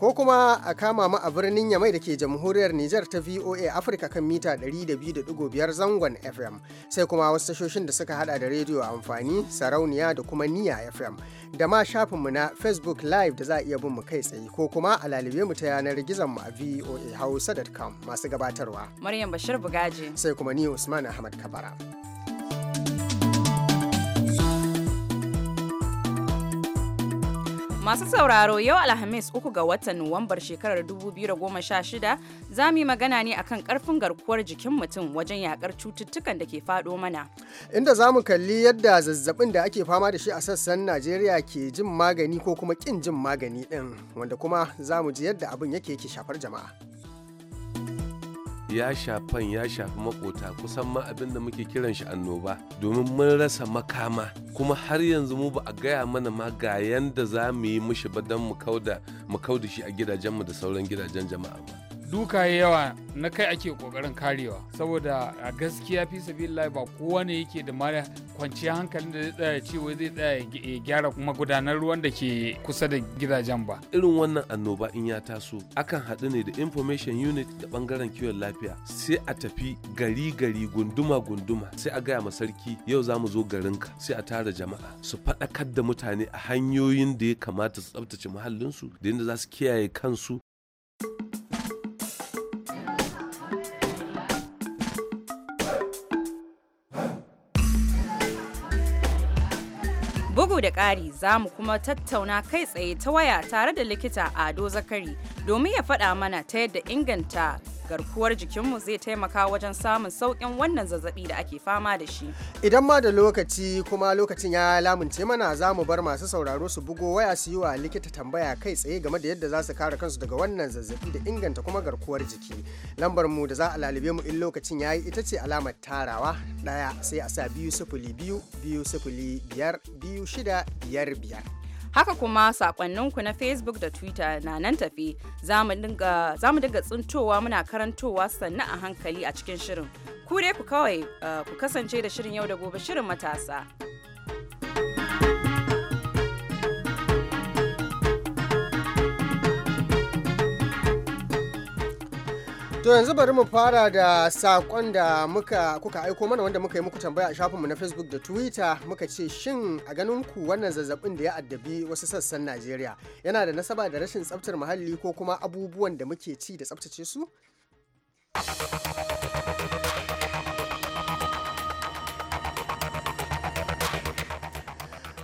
ko kuma a kama mu a birnin Yamai da ke jamhuriyar Nijar ta VOA Africa kan mita 200.5 zangon FM sai kuma wasu tashoshin da suka hada da rediyo amfani sarauniya da kuma niya FM da ma shafinmu na Facebook Live da za a iya bin mu kai tsaye ko kuma a lalibe mu ta yanar gizon mu a voahausa.com masu gabatarwa. Maryam Bashir Bugaji. Sai kuma ni Usman Ahmad Kabara. Masu sauraro yau Alhamis uku ga watan Nuwambar shekarar 2016 za mu yi magana ne akan karfin garkuwar jikin mutum wajen yakar cututtukan da ke fado mana. Inda za mu kalli yadda zazzabin da ake fama da shi a sassan Najeriya ke jin magani ko kuma kin jin magani din wanda kuma za mu ji yadda abin yake yake shafar jama'a. ya shafan ya shafi makota kusan ma abin da muke kiran shi annoba domin mun rasa makama kuma har yanzu mu ba a gaya mana ma ga yanda za mu yi mushi ba don mu kauda shi a gidajenmu da sauran gidajen jama'a ba duka yawa na kai ake kokarin karewa saboda a gaskiya fi sabilillahi ba kowa yake da mara kwanciyar hankalin da zai tsaya ce zai tsaya ya gyara magudanar ruwan da ke kusa da gidajen ba irin wannan annoba in ya taso akan haɗu ne da information unit da bangaren kiwon lafiya sai a tafi gari gari gunduma gunduma sai a gaya ma sarki yau za mu zo ka sai a tara jama'a su faɗakar da mutane a hanyoyin da ya kamata su tsaftace muhallinsu da yadda za su kiyaye kansu da ƙari za mu kuma tattauna kai tsaye ta waya tare da likita Ado Zakari domin ya faɗa mana ta yadda inganta garkuwar jikinmu zai taimaka wajen samun sauƙin wannan zazzabi da ake fama da shi. Idan ma da lokaci kuma lokacin ya lamunce mana za mu bar masu sauraro su bugo waya su yi wa likita tambaya kai tsaye game da yadda za su kare kansu daga wannan zazzabi da inganta kuma garkuwar jiki. Lambar mu da za a lalube mu in lokacin ya yi ita ce alamar tarawa ɗaya sai a sa biyu sifili biyu biyu sifili biyar biyu shida biyar biyar. Haka kuma sakonninku na Facebook da Twitter na nan tafi za mu dinga tsintowa muna karantowa sannan a hankali a cikin shirin. Ku dai ku kawai eh, ku kasance da shirin yau da gobe shirin matasa. To yanzu bari mu fara da sakon da muka kuka aiko mana wanda muka yi muku tambaya a shafinmu na Facebook da Twitter muka ce shin a ganin ku wannan zazzabin da ya addabi wasu sassan Najeriya yana da nasaba da rashin tsaftar muhalli ko kuma abubuwan da muke ci da tsaftace su?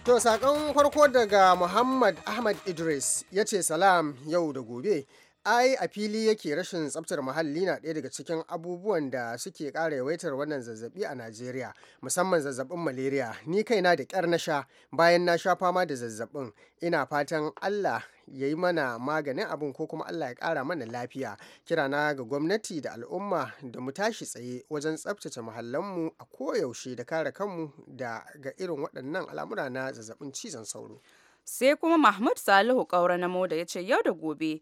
To sakon farko daga Muhammad Ahmad Idris ya ce salam yau da gobe. ai a fili yake rashin tsabtar muhalli na ɗaya daga cikin abubuwan da suke ƙara yawaitar wannan zazzabi a najeriya musamman zazzabin malaria ni kaina da kyar na sha bayan na sha fama da zazzabin ina fatan allah ya yi mana maganin abin ko kuma allah ya ƙara mana lafiya kirana ga gwamnati da al'umma da mu tashi tsaye wajen tsabtace muhallanmu a koyaushe da kare kanmu da ga irin waɗannan al'amura na zazzabin cizon sauro sai kuma mahmud salihu kaura na moda ya ce yau da gobe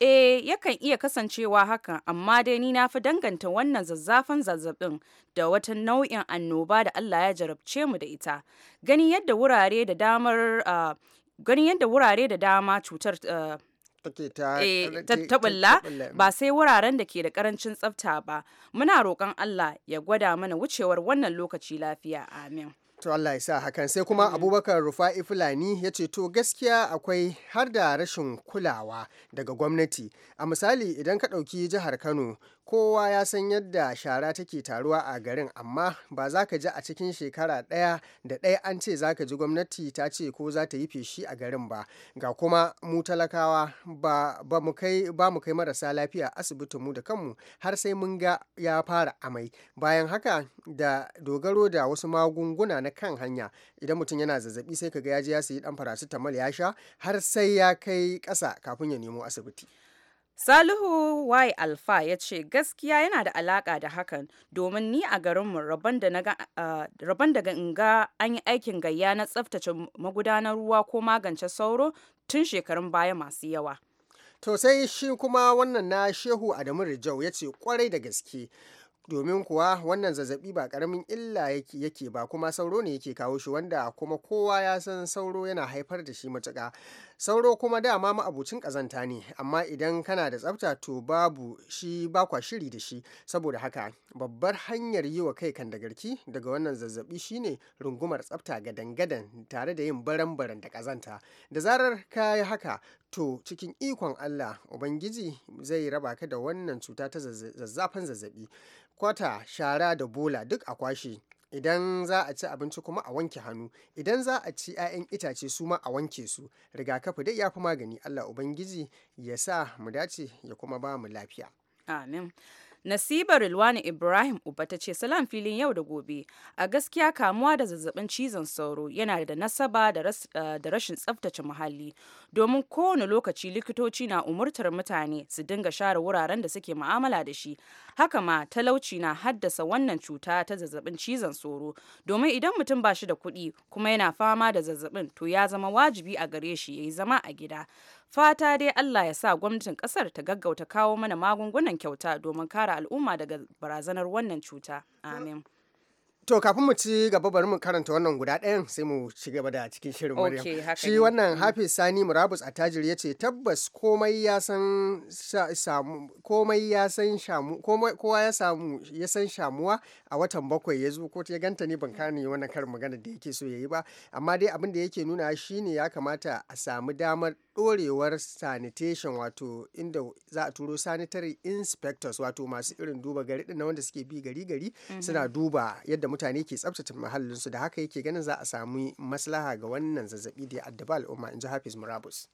Eh, yakan iya kasancewa hakan, amma dai ni na fi danganta wannan zazzafan zazzabin da wata nau'in annoba da Allah ya jarabce mu da ita. gani yadda wurare da damar gani yadda wurare da dama cutar uh, ba sai wuraren da ke da karancin tsafta ba muna roƙon Allah ya gwada mana wucewar wannan lokaci lafiya amin To Allah ya sa hakan sai kuma mm. Abubakar Rufa'i Fulani ya ce to gaskiya akwai har da rashin kulawa daga gwamnati. A misali idan ka ɗauki jihar Kano kowa ya san yadda shara take taruwa a garin amma ba za ka ji a cikin shekara ɗaya da ɗaya an ce za ka ji gwamnati ta ce ko za ta yi feshi a garin ba ga kuma mu talakawa ba mu kai marasa lafiya asibitin mu da kanmu har sai mun ga ya fara amai bayan haka da dogaro da wasu magunguna na kan hanya idan mutum yana zazzabi sai ka ga ya je ya sayi dan farasitamol ya sha har sai ya kai ƙasa kafin ya nemo asibiti Salihu Y. Alfa ya ce gaskiya yana da alaka da hakan domin ni a garinmu rabon daga in ga an yi aikin gayya na tsaftace magudanar ruwa ko magance sauro tun shekarun baya masu yawa. To sai shi kuma wannan na Shehu Adamu Rijau ya ce kwarai da gaske. domin kuwa wannan zazzabi ba karamin illa yake ba kuma sauro ne yake kawo shi wanda kuma kowa ya san sauro yana haifar da shi matuka. sauro kuma dama ma'abucin kazanta ne amma idan kana da tsafta to babu shi bakwa shiri da shi saboda haka babbar hanyar yi wa kai kandagarki daga wannan zazzabi shine rungumar tsafta gadan-gadan tare da yin baran-baran da kazanta da zarar ka yi haka to cikin ikon Allah Ubangiji zai raba ka da wannan cuta ta zazzafin zazzabi kwata shara da bola duk a kwashe idan za a ci abinci kuma a wanke hannu idan za a ci 'ya'yan itace su ma a wanke su rigakafi dai ya fi magani allah ubangiji ya sa mu dace ya kuma ba mu lafiya nasibar Rilwani Ibrahim Uba ta ce salam filin yau da gobe a gaskiya kamuwa da zazzabin cizon sauro yana da nasaba da rashin tsaftace muhalli domin kowane lokaci likitoci na umurtar mutane su dinga share wuraren da suke mu'amala da shi haka ma talauci na haddasa wannan cuta ta zazzabin cizon sauro domin idan mutum ba shi da kuɗi kuma yana fama da zazzabin to ya zama wajibi a gare shi ya yi zama a gida Fata dai Allah ya sa gwamnatin kasar ta gaggauta kawo mana magungunan kyauta domin kare al'umma daga barazanar wannan cuta. Amin. To kafin mu ci gaba bari mu karanta wannan guda ɗayan sai mu ci gaba da cikin shirin Maryam. Shi wannan mm. Hafiz Sani Murabus Attajiri yace tabbas komai ya san samu komai ya san shamu komai kowa ya samu ya san shamuwa a watan bakwai ya zo ko ya ganta ni ban kani wannan karin magana da yake so yayi ba amma dai abin da yake nuna shine ya kamata a samu damar ɗorewar sanitation wato inda za a turo sanitary inspectors wato masu irin duba gari ɗin wanda suke bi gari gari mm-hmm. suna duba yadda mutane ke tsabtace muhallinsu da haka yake ganin za a samu maslaha ga wannan zazzabi da ya addaba al'umma in ji hafiz murabus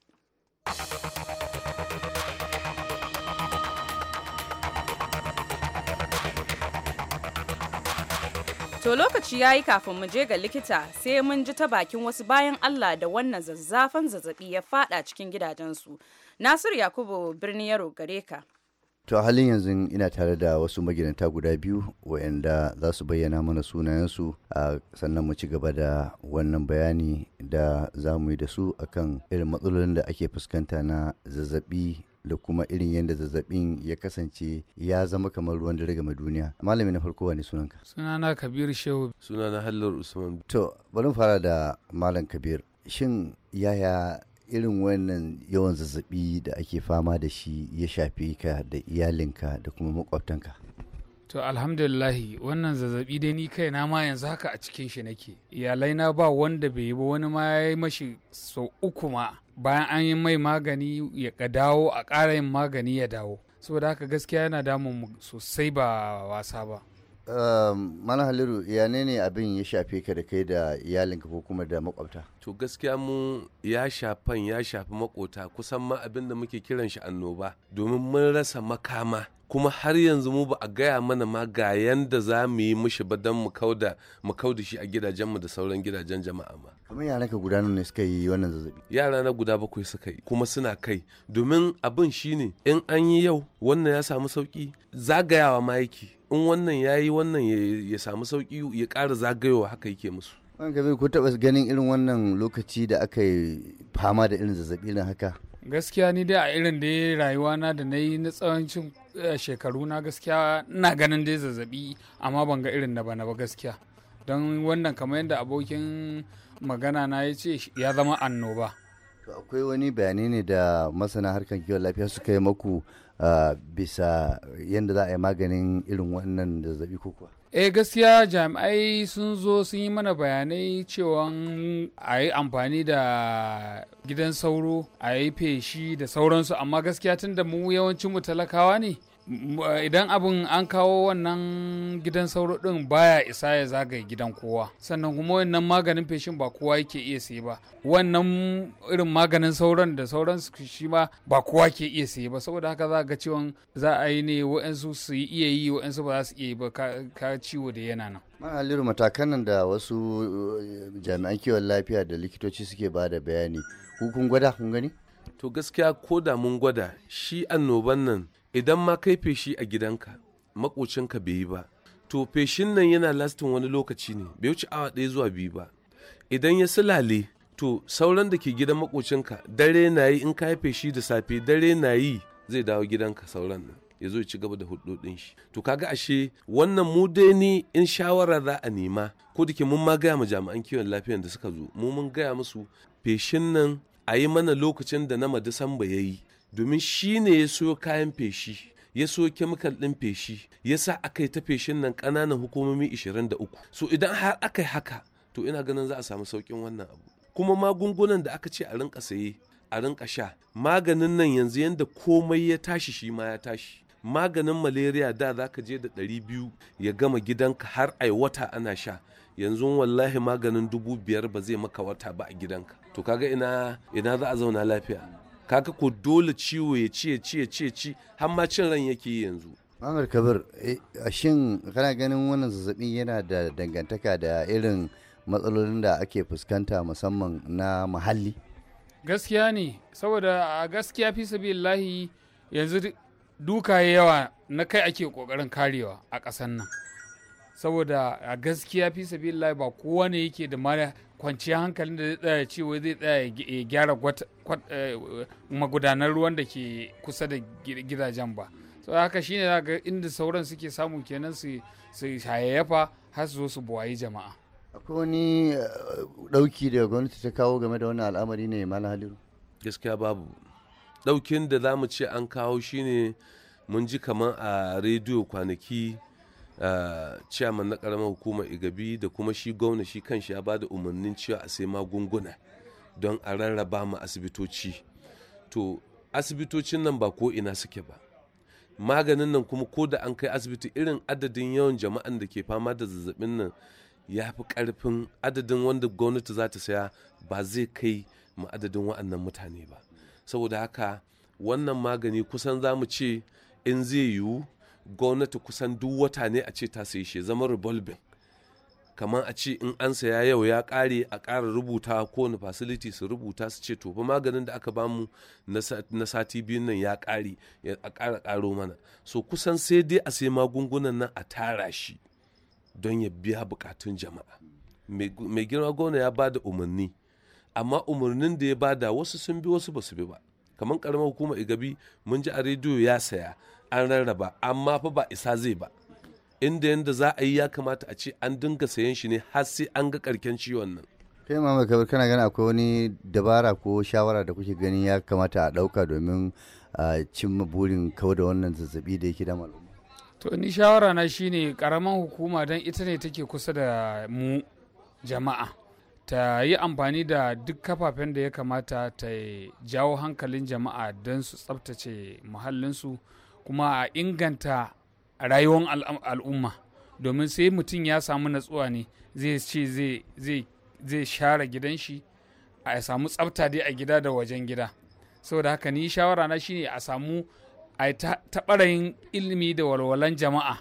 To lokaci ya yi kafin mu je ga likita sai mun ji ta bakin wasu bayan Allah da wannan zazzafan zazzabi ya fada cikin gidajensu. Nasiru Yakubu birni yaro gare ka. To a halin yanzu ina tare da wasu magidanta guda biyu waɗanda za su bayyana mana sunayensu a sannan mu ci gaba da wannan bayani da za mu yi da su akan irin matsalolin da ake fuskanta na zazzabi da kuma irin yadda zazzabin ya kasance ya zama kamar ruwan dare ga duniya malami na farko wani sunanka sunana kabir shehu sunana hallar usman to bari fara da malam kabir shin yaya irin wannan yawan zazzabi da ake fama da shi ya shafi ka da iyalinka da kuma makwabtanka to alhamdulillahi wannan zazzabi dai ni kai na ma yanzu haka a cikin shi nake iyalai na ba wanda bai yi ba wani ma ya yi mashi sau uku ma bayan an yi mai magani ya dawo a ƙara yin magani ya dawo saboda haka gaskiya yana damun sosai ba wasa ba ehm, mana haliru ya ne abin ya shafe ka da kai da iyalinka ko kuma da makwabta to gaskiya mu ya shafan ya shafi makota kusan ma abin da muke kiran shi annoba domin mun rasa makama kuma har yanzu mu ba a gaya mana ma ga yanda za mu yi mishi ba don mu kauda shi a gidajenmu da sauran gidajen jama'a ma kuma yara ka guda ne suka yi wannan zazzabi yara na guda bakwai suka yi kuma suna kai domin abin shine in an yi yau wannan ya samu sauki zagayawa ma yake in wannan ya yi wannan ya samu sauki ya ƙara zagayowa haka yake musu wani ka ko taɓa ganin irin wannan lokaci da aka yi fama da irin zazzabi na haka gaskiya ni dai a irin da rayuwa na da na yi na tsawon Eh, shekaru na gaskiya ina ganin dai zazzabi amma ban ga irin na bana ba gaskiya don wannan kamar yadda abokin magana na ya ce ya zama annoba to akwai wani bayani ne da masana harkar kiwon lafiya suka yi maku ah, bisa yadda za a yi maganin irin wannan zazzabi ko kuwa eh gaskiya jami'ai sun zo sun yi mana bayanai cewa a yi amfani da gidan sauro a yi feshi da sauransu amma gaskiya tun da mu yawancin mu talakawa ne Eh, idan abin an kawo wannan gidan sauro din baya isa ya zagaye gidan kowa sannan kuma wannan maganin feshin ba kowa yake iya siye ba wannan irin maganin sauron da sauran shi ma ba kowa ke iya siye ba saboda haka za ga ciwon za a yi ne wa'ansu su iya yi wa'ansu ba za su iya yi ba ka ciwo da yana nan ma'aliru matakan nan da wasu eh, jami'an kiwon lafiya da likitoci suke ba da bayani kun gwada kun gani to gaskiya ko da mun gwada shi annoban nan idan ma kai feshi a gidanka makocinka bai yi ba to feshin nan yana lastin wani lokaci ne bai wuce awa ɗaya zuwa biyu ba idan ya silale to sauran da ke gidan makocinka dare na yi in ka feshi da safe dare na yi zai dawo gidanka sauran nan ya zo ya ci gaba da hudodin shi to kaga ashe wannan mu dai ni in shawara za a nema ko da ke mun ma gaya ma jami'an kiwon lafiyan da suka zo mu mun gaya musu feshin nan a yi mana lokacin da na madisamba ya yi domin shi ne ya siyo kayan feshi ya so kemikal ɗin feshi ya sa aka yi ta feshin nan ƙananan hukumomi 23 so idan har aka yi haka to ina ganin za a samu sauƙin wannan abu kuma magungunan da aka ce a rinka saye a rinka sha maganin nan yanzu yadda komai ya tashi shi ma ya tashi maganin malaria da za ka je da ɗari biyu ya gama gidanka har ai wata ana sha yanzu wallahi maganin dubu biyar ba zai maka wata ba a gidanka to kaga ina ina za a zauna lafiya kaka ko dole ciwo ya ci ya ci ya ci ya ci har ma cin ran yake yi yanzu Mamar Kabir, eh, shin kana ganin wannan zazzabin yana da dangantaka da irin matsalolin da ake fuskanta musamman na muhalli? Gaskiya ne, saboda a gaskiya fi sabi yanzu duka yawa na kai ake kokarin karewa a ƙasar nan. saboda a gaskiya fi sabilillahi ba kowa ne yake da mana kwanciyar hankalin da zai tsaya ce wai zai tsaya ya gyara eh, magudanar ruwan da ke kusa da gidajen ba da haka shine ga inda sauran suke samu kenan su hayayyafa har su zo su buwayi jama'a akwai wani dauki eh, da gwamnati ta kawo game da wani al'amari ne mana haliru gaskiya babu daukin da za mu ce an kawo shine mun ji kamar a rediyo kwanaki ciyaman na karamar hukumar igabi da kuma shi gwamna shi kanshi ya bada umarnin cewa a sai magunguna don a rarraba mu asibitoci to asibitocin nan ba ko ina suke ba maganin nan kuma ko da an kai asibiti irin adadin yawan jama'an da ke fama da zazzabin nan ya fi karfin adadin wanda gwamnati za ta saya ba zai kai mu adadin wa'annan mutane ba saboda haka wannan magani kusan za mu ce in zai yiwu gwamnati kusan duk wata ne a ce ta sayi shi zama revolving kamar a ce in an saya yau ya kare a kara rubuta kowane facility su rubuta su ce to fa maganin da aka bamu na sati biyu nan ya kare a kara karo mana so kusan sai dai a sai magungunan nan a tara shi don ya biya bukatun jama'a mai girma gona ya bada umarni amma umarnin da ya bada wasu sun bi wasu ba su bi ba kamar karamar hukumar igabi mun ji a rediyo ya saya an rarraba amma fa ba isa zai ba inda yadda za a yi ya kamata a ce an dinga sayan shi ne har sai an ga karken ciwon nan kai mama kabir kana gani akwai wani dabara ko shawara da kuke ganin ya kamata a dauka domin cimma burin kawo da wannan zazzabi da yake da al'umma to ni shawara na shine karaman hukuma don ita ne take kusa da mu jama'a ta yi amfani da duk kafafen da ya kamata ta jawo hankalin jama'a don su tsabtace muhallinsu kuma a inganta rayuwar al'umma domin sai mutum ya samu natsuwa ne zai ce zai share gidan shi a samu tsafta dai a gida da wajen gida saboda haka ni shawara na shine a samu a taɓarayin ilimi da walwalan jama'a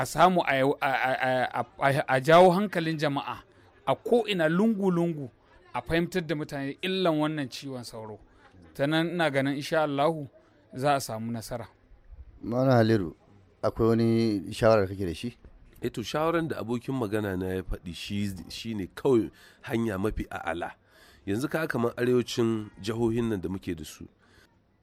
a samu a jawo hankalin jama'a a ko'ina lungu-lungu a fahimtar da mutane illan wannan ciwon sauro ta nan ina ganin insha za a samu nasara mana haliru akwai wani shawarar kake da shi eto eh shawaran da abokin magana na ya faɗi shi ne kawai hanya mafi a ala yanzu ka kamar arewacin jihohin nan da muke da su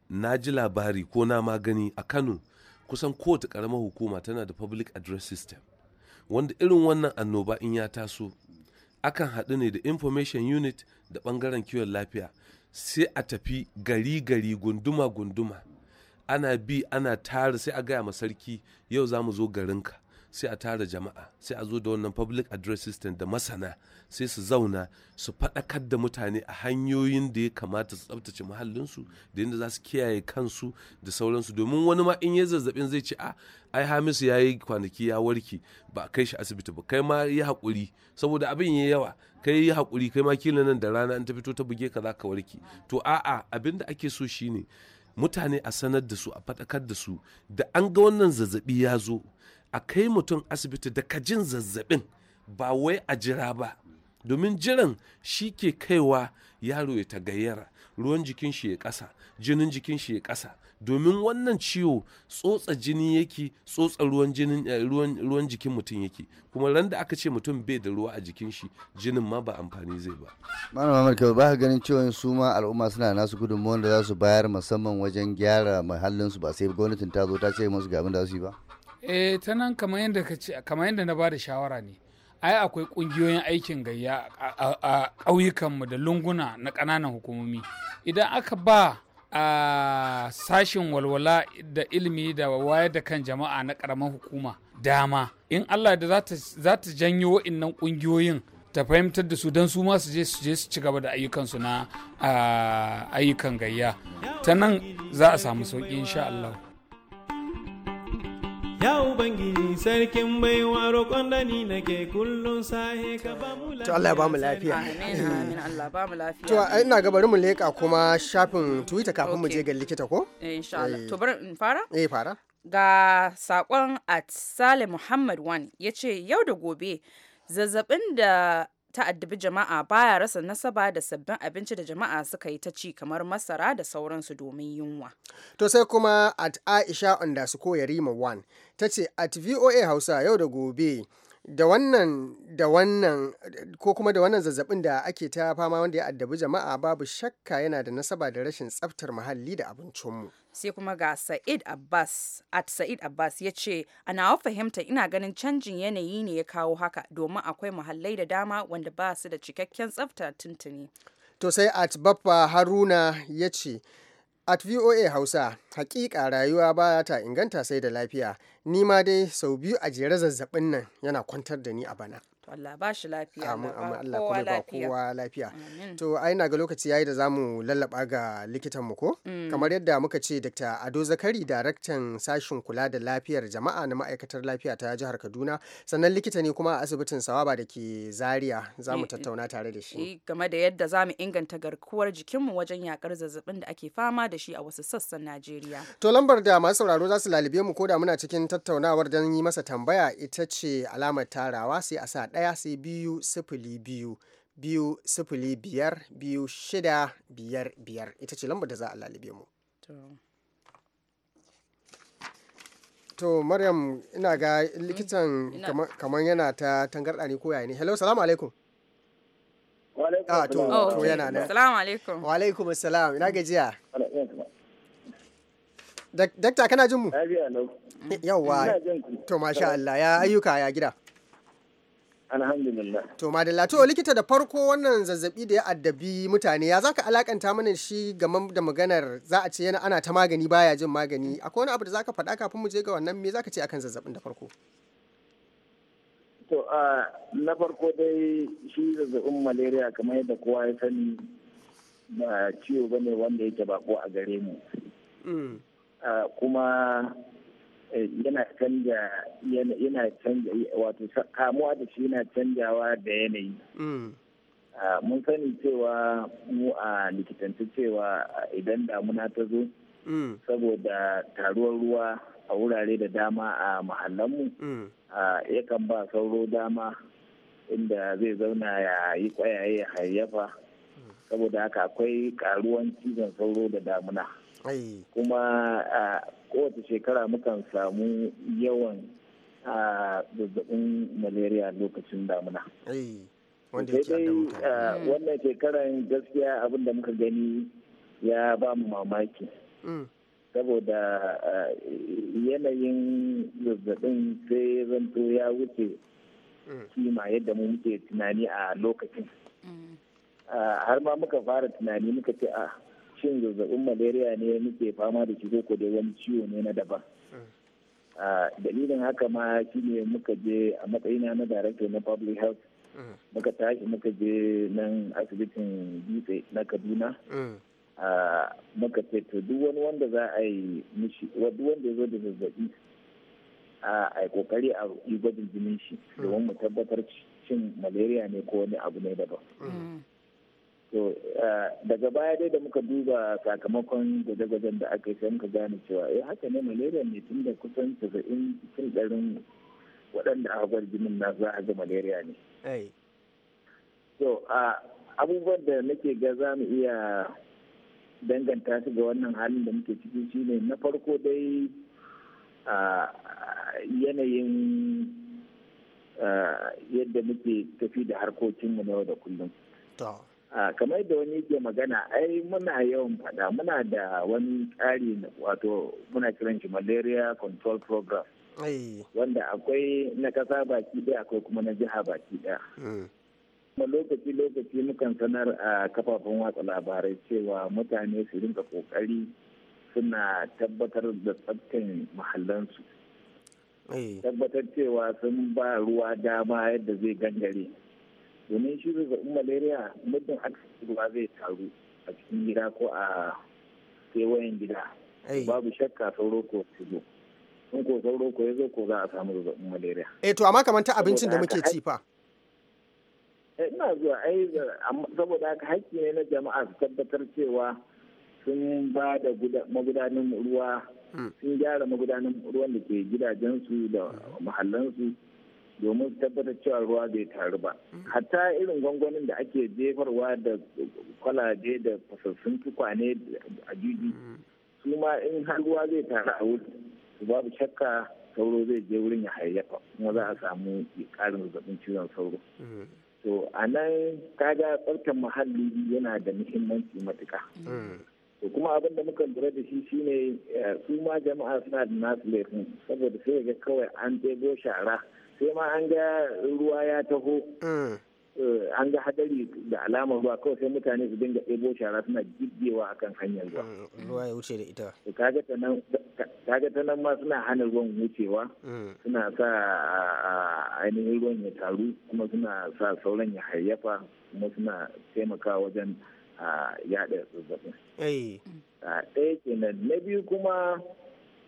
na ji labari ko na ma gani a kano kusan kowace ƙaramar hukuma tana da public address system wanda irin wannan annoba in ya taso akan haɗu ne da information unit da ɓangaren kiwon lafiya sai a tafi gari gari gunduma gunduma ana bi ana tara sai a gaya ma sarki yau za mu zo garinka sai a tara jama'a sai a zo da wannan public address system da masana sai su zauna su faɗakar da mutane a hanyoyin da ya kamata su tsabtace muhallinsu da yadda za su kiyaye kansu da sauransu domin wani ma in ya zazzabin zai ce a ah, ai hamisu ya yi kwanaki ya warke ba a kai shi asibiti ba kai ma yi haƙuri saboda abin ya yawa kai yi haƙuri kai ma kila nan da rana an ta fito ta buge ka za ka warke to a'a abin da ake so shine ne mutane a sanar da su a faɗakar da su da an ga wannan zazzabi ya zo a kai mutum asibiti da kajin zazzabin ba wai a jira ba domin jiran shi ke kaiwa yaro ya ta gayyara ruwan jikin shi ya ƙasa jinin jikin shi ya ƙasa domin wannan ciwo tsotsa jini yake tsotsa ruwan jinin eh, ruwan jikin mutum yake kuma ran da aka ce mutum bai da ruwa a jikin shi jinin ma ba amfani zai ba malama marka ba ka ganin cewa su ma al'umma suna nasu gudunmuwan da za su bayar musamman wajen gyara muhallin su ba sai gwamnatin ta zo ta ce musu ga abin da za su yi ba eh ta nan kamar yadda na ba da shawara ne ai akwai kungiyoyin aikin gayya a ƙauyukanmu da lunguna na ƙananan hukumomi idan aka ba a sashin walwala da ilimi da wayar da kan jama'a na ƙaramin hukuma dama in allah da za ta janyo wa'innan ƙungiyoyin ta fahimtar da su don su ma su je su ci gaba da ayyukansu na ayyukan gayya ta nan za a samu sauƙi insha allah Ya Ubangiji sarkin baiwa roƙon da ni nake kullum sahe ka ba mu lafiya. To Allah ya ba mu lafiya. Eh. Allah ba mu lafiya. To ina ga bari mu leƙa kuma shafin Twitter kafin mu je ga likita ko? Eh, insha Allah. Eh. To bari in fara? Eh fara. Ga saƙon at Sale Muhammad Wan ya ce yau da gobe zazzabin da ta'addabi jama'a baya rasa nasaba da sabbin abinci da jama'a suka yi ta ci kamar masara da sauransu domin yunwa. To sai kuma at Aisha Ondasuko Yarima 1 ta ce at VOA Hausa yau da gobe da wannan da wannan ko kuma da wannan zazzabin da ake ta fama wanda ya addabi jama'a babu shakka yana da nasaba da rashin tsaftar muhalli da abincinmu. sai kuma ga Sa'id Abbas at Sa'id Abbas ya ce a nawa fahimta ina ganin canjin yanayi ne ya kawo haka domin akwai muhallai da dama wanda ba su da cikakken tsafta tuntuni. To sai at babba Haruna ya ce At VOA Hausa, hakika rayuwa ba ta inganta sai da lafiya. Ni ma dai sau biyu a jere zazzabin nan yana kwantar da ni a bana. to Allah ba shi lafiya amin amin Allah kuma ba kowa lafiya to ai na ga lokaci yayi da zamu lallaba ga likitan mu ko mm. kamar yadda muka ce Dr. Ado Zakari daraktan sashin kula da lafiyar jama'a na ma'aikatar lafiya ta jihar Kaduna sannan likita ne kuma a asibitin Sawaba da ke Zaria zamu eh, eh, tattauna tare da shi eh, game da yadda zamu inganta garkuwar jikinmu wajen yakar zazzabin da ake fama da shi a wasu sassan Najeriya to lambar da masu sauraro za su lalibe mu ko da muna cikin tattaunawar don yi masa tambaya ita ce alamar tarawa sai a sa ɗaya sai biyu sifili biyu biyu sifili biyar biyu shida biyar biyar ita ce lambar da za a lalube mu. To Maryam ina ga likitan mm, kamar yana ta tangarɗa ne ko yayi ne. Hello, salamu alaikum. Ah, to, to oh, yana nan. Salamu alaikum. Wa alaikum assalam. Ina gajiya. Dakta kana jin mu? Yawwa. To masha Allah ya ayyuka ya gida. Alhamdulillah. To madalla to likita da farko wannan zazzabi da ya addabi mutane ya zaka alakanta mana shi game da maganar za a ce yana ana ta magani baya jin magani akwai wani abu da zaka faɗa kafin mu je ga wannan me zaka ce akan zazzabin da farko? To a na farko dai shi zazzabin malaria kamar yadda kowa ya sani ba ciwo bane wanda yake bako a gare mu. Mm. kuma Eh, yana canja wato kamuwa da shi yana canjawa da yanayi mm. ah, mun sani cewa mu a likitanci cewa idan damuna ta zo mm. saboda taruwar ruwa a wurare da dama a mahallanmu mm. ah, yakan ba sauro dama inda zai zauna ya yi kwayaye hayyafa saboda haka akwai karuwan cizon sauro da damuna kuma a kowace shekara mukan samu yawan a zazzabin malaria lokacin damuna mm. wannan shekaran gaskiya abin da muka gani ya ba mu mamaki mm. saboda yanayin zazzabin sai zanto ya wuce mm. kima yadda mu muke tunani a lokacin har ma muka fara tunani muka ce a ah, shin zazzabin malaria ne muke fama da shi ko da wani ciwo ne na daban dalilin haka ma shine muka je a matsayina na director na public health muka tashi muka je nan asibitin dutse na kaduna muka ce to duk wani wanda za a yi mishi duk wanda ya zo da zazzabi a yi kokari a yi gwajin jinin shi domin mu tabbatar shin malaria ne ko wani abu ne daban mm. to eh, daga baya dai da muka duba sakamakon gwaje-gwajen da aka yi sai muka gane cewa eh haka ne malaria ne tun da kusan saba'in cikin ɗarin waɗanda aka gwada jinin na za a ga malaria ne. so abubuwan da nake ga za mu iya danganta su ga wannan halin da muke ciki shine na farko dai a yanayin yadda muke tafi da harkokinmu na yau da kullum. kamar da wani ke magana ai muna yawan fada muna da wani tsari wato muna kiran shi malaria control program eh. wanda akwai na kasa baki daya akwai kuma na jiha baki daya hmm. kuma lokaci lokaci mukan sanar a kafafen watsa labarai cewa mutane su rinka kokari suna tabbatar da tsabtan mahallansu eh. tabbatar cewa sun ba ruwa dama yadda zai gangare domin shi zazzabin malaria muddin aka ruwa zai taru a cikin gida ko a kewayen gida babu shakka sauro ko shigo in ko sauro ko ya zo ko za a samu zazzabin malaria eh to amma kamar ta abincin da muke ci fa eh, ina zuwa ai saboda haka haƙƙi ne na jama'a su tabbatar cewa sun ba da magudanin ruwa hmm. sun gyara magudanin ruwan da ke gidajensu da mahallansu domin tabbatar cewa ruwa bai taru ba hatta irin gwangwanin da ake jefarwa da kwalaje da fasassun tukwane a jiji su ma in har ruwa zai taru a wuri babu shakka sauro zai je wurin ya hayayyafa kuma za a samu karin zazzabin cizon sauro to a nan kaga tsarkan muhalli yana da muhimmanci matuka to kuma abin da muka lura da shi shine eh, su ma jama'a suna da nasu laifin saboda sai ga kawai an ɗebo shara sai ma an ga ruwa ya taho mm. eh, an ga hadari da alamar ruwa kawai sai mutane su dinga ɗebo shara suna jibgewa akan hanyar ruwa mm, ruwa ya wuce da ita kaga ta nan ma suna hana ruwan wucewa mm. suna sa ainihin ruwan ya taru kuma suna sa sauran ya hayyafa kuma suna taimakawa wajen yada zazzabin ɗaya kenan na biyu kuma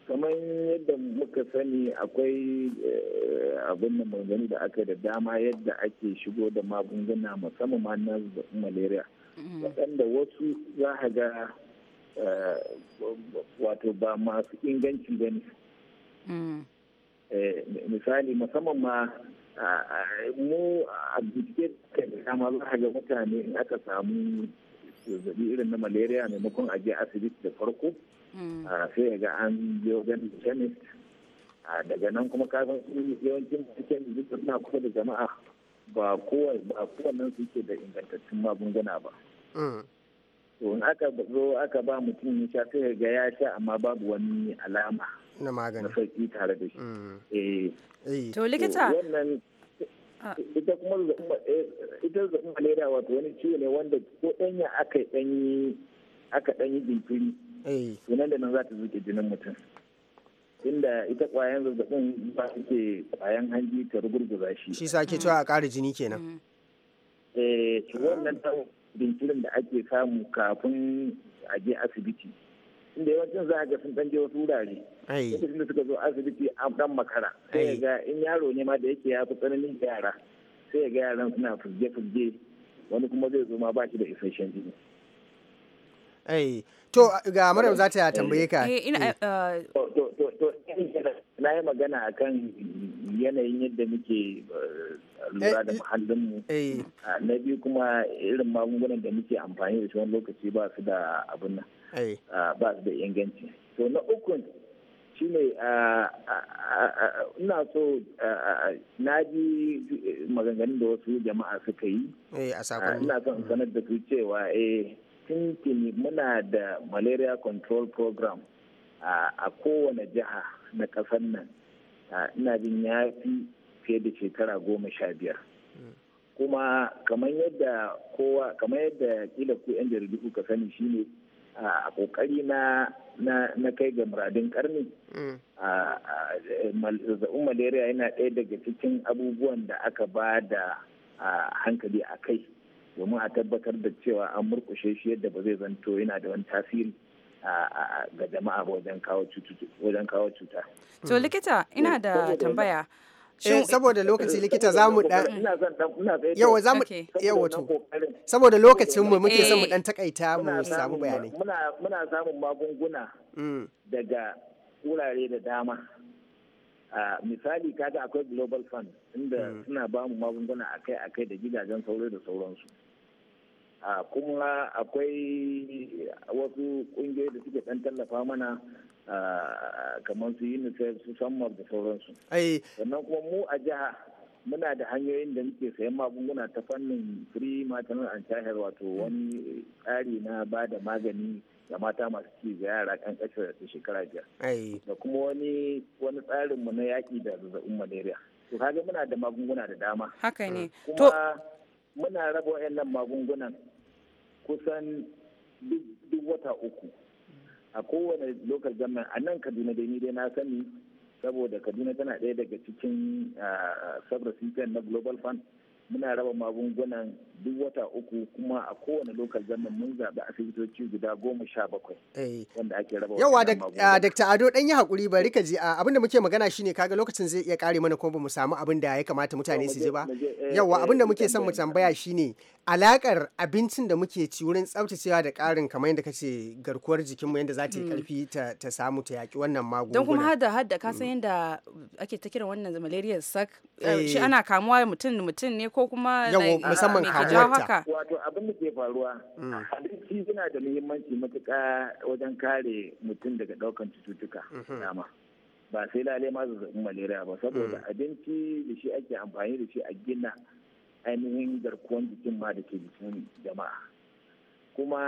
kamar yadda muka sani akwai eh, abin da magani da aka da dama yadda ake shigo da magunguna musamman ma na malaria mm-hmm. waɗanda wasu za a ga eh, wato ba masu inganci ba ne mm. eh, misali musamman ma mu a bincike da dama za a ga mutane aka samu irin na malaria maimakon a je asibiti da farko hmm. sai ga an je wajen chemist daga nan kuma kafin yawancin chemist suna kusa da jama'a ba kowanne su ke da ingantattun magunguna ba hmm. to in aka zo aka ba mutum ya sha sai ga ya sha amma babu wani alama na magani na sauki tare da shi hmm. eh. eh to likita wannan Ah. ita kuma eh, ita zazzabin malaria wato wani ciwo ne wanda ko danya aka danyi aka danyi jinkiri eh. da nan za ta zuke jinin mutum inda ita kwayan zazzabin ba ke kwayan hanji ta rugurguza shi shi sa cewa a kare jini kenan mm. eh wannan jinkirin da ake samu kafin a je asibiti inda yawancin za ga sun canje wasu wurare lokacin da suka zo asibiti a dan makara sai ga in yaro ne ma da yake ya fi tsananin yara sai ga yaran suna fuzge-fuzge wani kuma zai zo ma ba shi da isasshen jini ai to ga maryam za ta tambaye ka eh, eh. Uh, na yi magana akan yanayin yadda muke uh, lura eh, da muhallinmu ah, na biyu kuma irin magungunan da muke amfani da shi wani lokaci ba su da abin nan Ah, ba su da inganci to na ukun shine ah, ah, ina so na ji maganganun da wasu jama'a suka yi eh, ina son sanar da su cewa e eh, tuntuni muna da malaria control program a kowane jiha na ƙasar nan ina jin ya fi fiye da shekara goma sha biyar hmm. kuma kamar yadda kowa kamar yadda kila ku yan jaridu kuka sani shine a kokari na na kai ga muradin karni mm. zazzabin malaria yana ɗaya daga cikin abubuwan da aka ba da hankali a kai domin a tabbatar da cewa an murkushe shi yadda ba zai zanto yana da wani tasiri ga jama'a wajen kawo cuta. To likita ina mm. da tambaya Eh, saboda lokaci likita za mu dan yawa za mu yawa to saboda lokacin mu muke son mu dan eh. takaita mu samu bayanai. Muna muna samun magunguna mm. daga wurare da dama. a misali kaga akwai global fund inda mm. suna ba mu magunguna akai-akai da gidajen sauro da sauransu kuma akwai wasu kungiyoyi da suke dan tallafa mana kamar su unicef su da sauransu sannan kuma mu a jiha muna da hanyoyin da muke sayan magunguna ta fannin free maternal and child wato wani tsari na ba da magani ga mata masu ci ga yara kan kashe da shekara biyar da kuma wani wani mu na yaƙi da zazzabin malaria to kaga muna da magunguna da dama haka ne mm. kuma muna raba wa'annan magungunan kusan duk wata uku a kowane local government a nan kaduna dai ni dai na sani saboda kaduna tana ɗaya daga cikin ah, sub na global fund muna raba magungunan duk wata uku kuma a kowane lokal zaman mun zaɓi asibitoci guda goma sha bakwai eh. wanda ake raba yawa dakta ah, ado dan yi hakuri bari ka ji ah, abin da muke magana shine kaga lokacin zai iya kare mana kuma bamu samu abin da ya kamata mutane su ji ba eh, yawa eh, abin da muke son mu tambaya shine alakar abincin da muke ci wurin tsaftacewa da karin kamar yadda kace garkuwar jikinmu yadda za ta yi karfi mm. ta samu ta yaki wannan magunguna don kuma hada hada ka san mm. yadda ake ta kiran wannan malaria sak shi ana kamuwa mutum mutum ne ko kuma yawo musamman haka wato abin da ke faruwa hmm. abinci yana da muhimmanci matuƙa wajen kare mutum daga ɗaukan cututtuka mhm. dama ba sai lalai ma zazzabin malaria ba saboda hmm. abinci da shi ake amfani da shi a gina ainihin garkuwan jikin ma da ke jikin jama'a kuma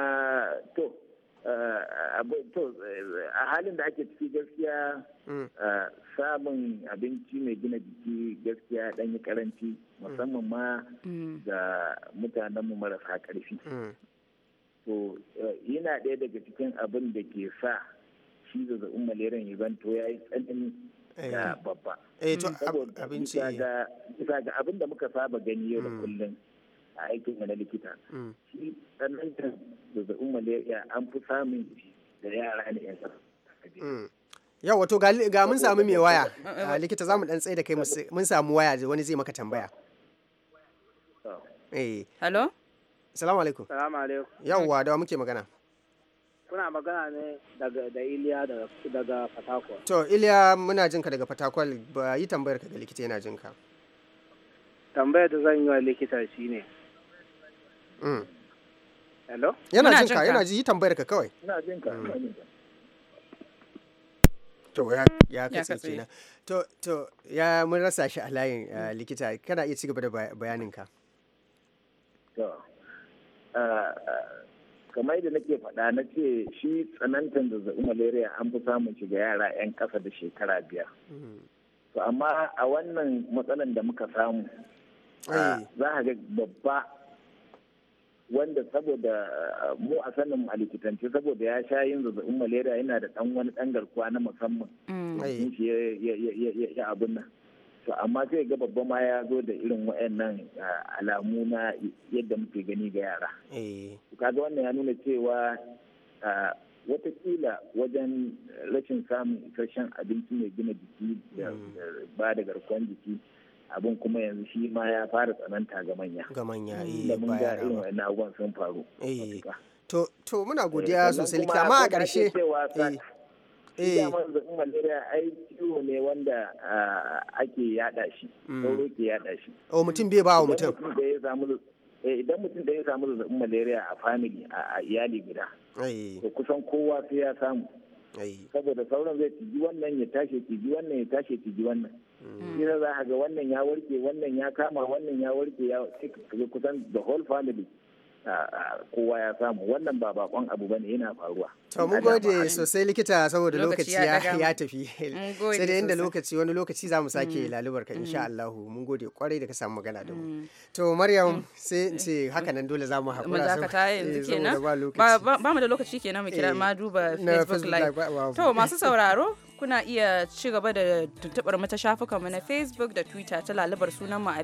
to Eh, eh, a halin da ake ciki gaskiya mm. eh, samun abinci mai gina jiki gaskiya dan yi karanci mm. musamman ma mm. ga mutanenmu marasa karfi to yana ɗaya daga cikin abin da ke sa shi maleran yi ban zanto ya yi tsanani da babba saboda ga abin da muka saba gani yau da kullum a aikin na likita mm. shi sannan da zazzabin malaria an fi samun da yara ne yan mm. yau wato ga mun samu mai waya ah, likita za mu dan tsaye da kai mun samu waya wani zai maka tambaya eh hello salamu alaikum salamu alaikum yawwa da muke magana kuna magana ne daga da iliya daga fatakwal to iliya muna jin ka daga fatakwal ba yi tambayar ka ga likita yana jin ka. tambayar da zan yi wa likita shine Mm. Hello? Yana jin ka, yana ji tambayar ka kawai. Ina jin ka. Mm. To ya ya katse kenan. To to ya mun rasa shi a layin eh, likita kana iya cigaba da bayanin ka. To eh, eh, kamar yadda nake faɗa na ce shi tsanantar zazzabin malaria an fi samun shi ga yara 'yan ƙasa da shekara biyar. Mm. To amma a wannan matsalan da muka samu za a ga babba wanda saboda uh, mu a sanin a saboda ya sha yin zazzabin malaria yana da dan wani dan garkuwa na musamman mm. ya abin nan to amma sai ga babba ma ya zo da irin wayannan uh, alamu na yadda muke gani ga yara eh. kaga wannan ya nuna cewa uh, watakila wajen rashin samun isasshen abinci mai gina jiki da mm. ba da garkuwan jiki abin kuma yanzu shi ma ya fara tsananta ga manya ga manya eh mun ga irin wannan abubuwan sun faru eh to to muna eh, godiya sosai likita amma a ƙarshe eh eh zazzabin malaria ai ciwo ne wanda ake yada shi mm. sauro ke yada shi oh mutum bai ba wa mutum da ya samu eh, idan mutum da ya samu zazzabin malaria a family a iyali guda eh. to kusan kowa sai ya samu saboda sauran zai ciji wannan ya tashi ciji wannan ya tashi ciji wannan kira za a ga wannan ya warke wannan ya kama wannan ya warke ya kusan the whole family kowa ya samu wannan ba bakon abu bane yana faruwa. To mun gode sosai likita saboda lokaci ya tafi. Sai da inda lokaci wani lokaci za mu sake mm. lalubar ka insha mm. Allah mun gode kwarai da ka samu magana da mu. Mm. To Maryam sai in ce haka nan dole za mu hakura eh, saboda ba lokaci. Ba mu da lokaci kenan mu kira eh. ma duba Facebook live. To masu sauraro kuna iya ci gaba da tuntubar mu ta mu na facebook da twitter ta lalubar sunan mu a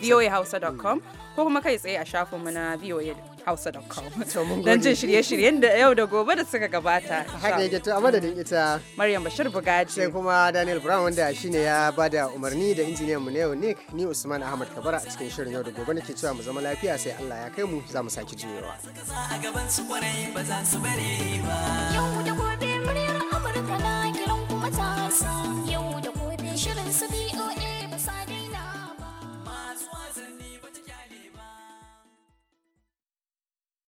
voahausa.com ko kuma kai tsaye a shafinmu na voahausa.com don jin shirye-shiryen da yau da gobe da suka gabata haka yake to a madadin ita maryam bashir bugaji sai kuma daniel brown wanda shine ya bada umarni da injiniyan mu na yau nick ni usman ahmad kabara a cikin shirin yau da gobe nake cewa mu zama lafiya sai allah ya kai mu za mu saki juyewa yau da gobe ta you